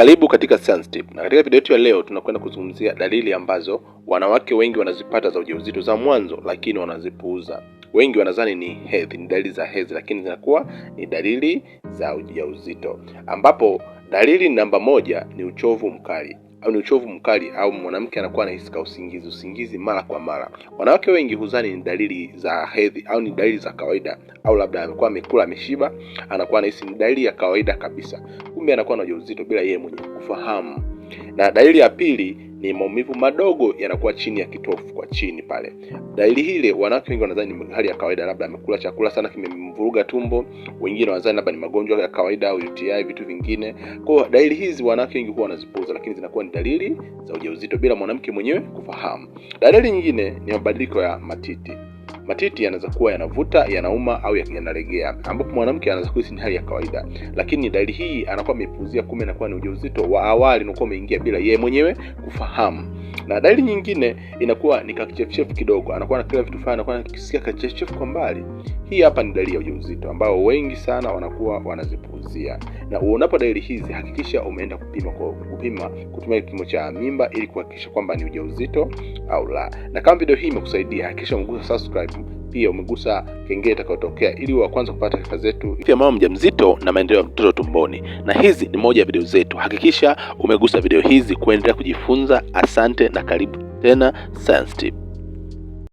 Karibu katika SayanceTip, na katika video yetu ya leo tunakwenda kuzungumzia dalili ambazo wanawake wengi wanazipata za ujauzito za mwanzo, lakini wanazipuuza. Wengi wanadhani ni hedhi, ni dalili za hedhi, lakini zinakuwa ni dalili za ujauzito, ambapo dalili namba moja ni uchovu mkali au ni uchovu mkali au mwanamke anakuwa anahisi usingizi usingizi mara kwa mara. Wanawake wengi huzani ni dalili za hedhi au ni dalili za kawaida, au labda amekuwa amekula ameshiba, anakuwa anahisi ni dalili ya kawaida kabisa kumbe anakuwa na ujauzito bila yeye mwenye kufahamu. Na dalili ya pili ni maumivu madogo yanakuwa chini ya kitofu kwa chini pale. Dalili hile wanawake wengi wanadhani ni hali ya kawaida, labda amekula chakula sana kimemvuruga tumbo, wengine wanadhani labda ni magonjwa ya kawaida au UTI, vitu vingine. Kwa hiyo dalili hizi wanawake wengi huwa wanazipuuza, lakini zinakuwa ni dalili za ujauzito bila mwanamke mwenyewe kufahamu. Dalili nyingine ni mabadiliko ya matiti. Matiti yanaweza kuwa yanavuta, yanauma au yanalegea, ambapo mwanamke anaweza kuhisi ni hali ya kawaida, lakini dalili hii anakuwa amepuuzia, kumbe inakuwa ni ujauzito wa awali unakuwa umeingia bila yeye mwenyewe kufahamu na dalili nyingine inakuwa ni kakichefuchefu kidogo, anakuwa na kila vitu fulani, anakuwa nakisikia kakichefuchefu kwa mbali. Hii hapa ni dalili ya ujauzito ambao wengi sana wanakuwa wanazipuuzia. Na uonapo dalili hizi, hakikisha umeenda kupima kwa kupima kutumia kipimo cha mimba ili kuhakikisha kwamba ni ujauzito au la. Na kama video hii imekusaidia, hakikisha umegusa subscribe pia umegusa kengele itakayotokea ili wa kwanza kupata taarifa zetu, pia mama mjamzito na maendeleo ya mtoto tumboni. Na hizi ni moja ya video zetu, hakikisha umegusa video hizi kuendelea kujifunza. Asante na karibu tena Science Tip.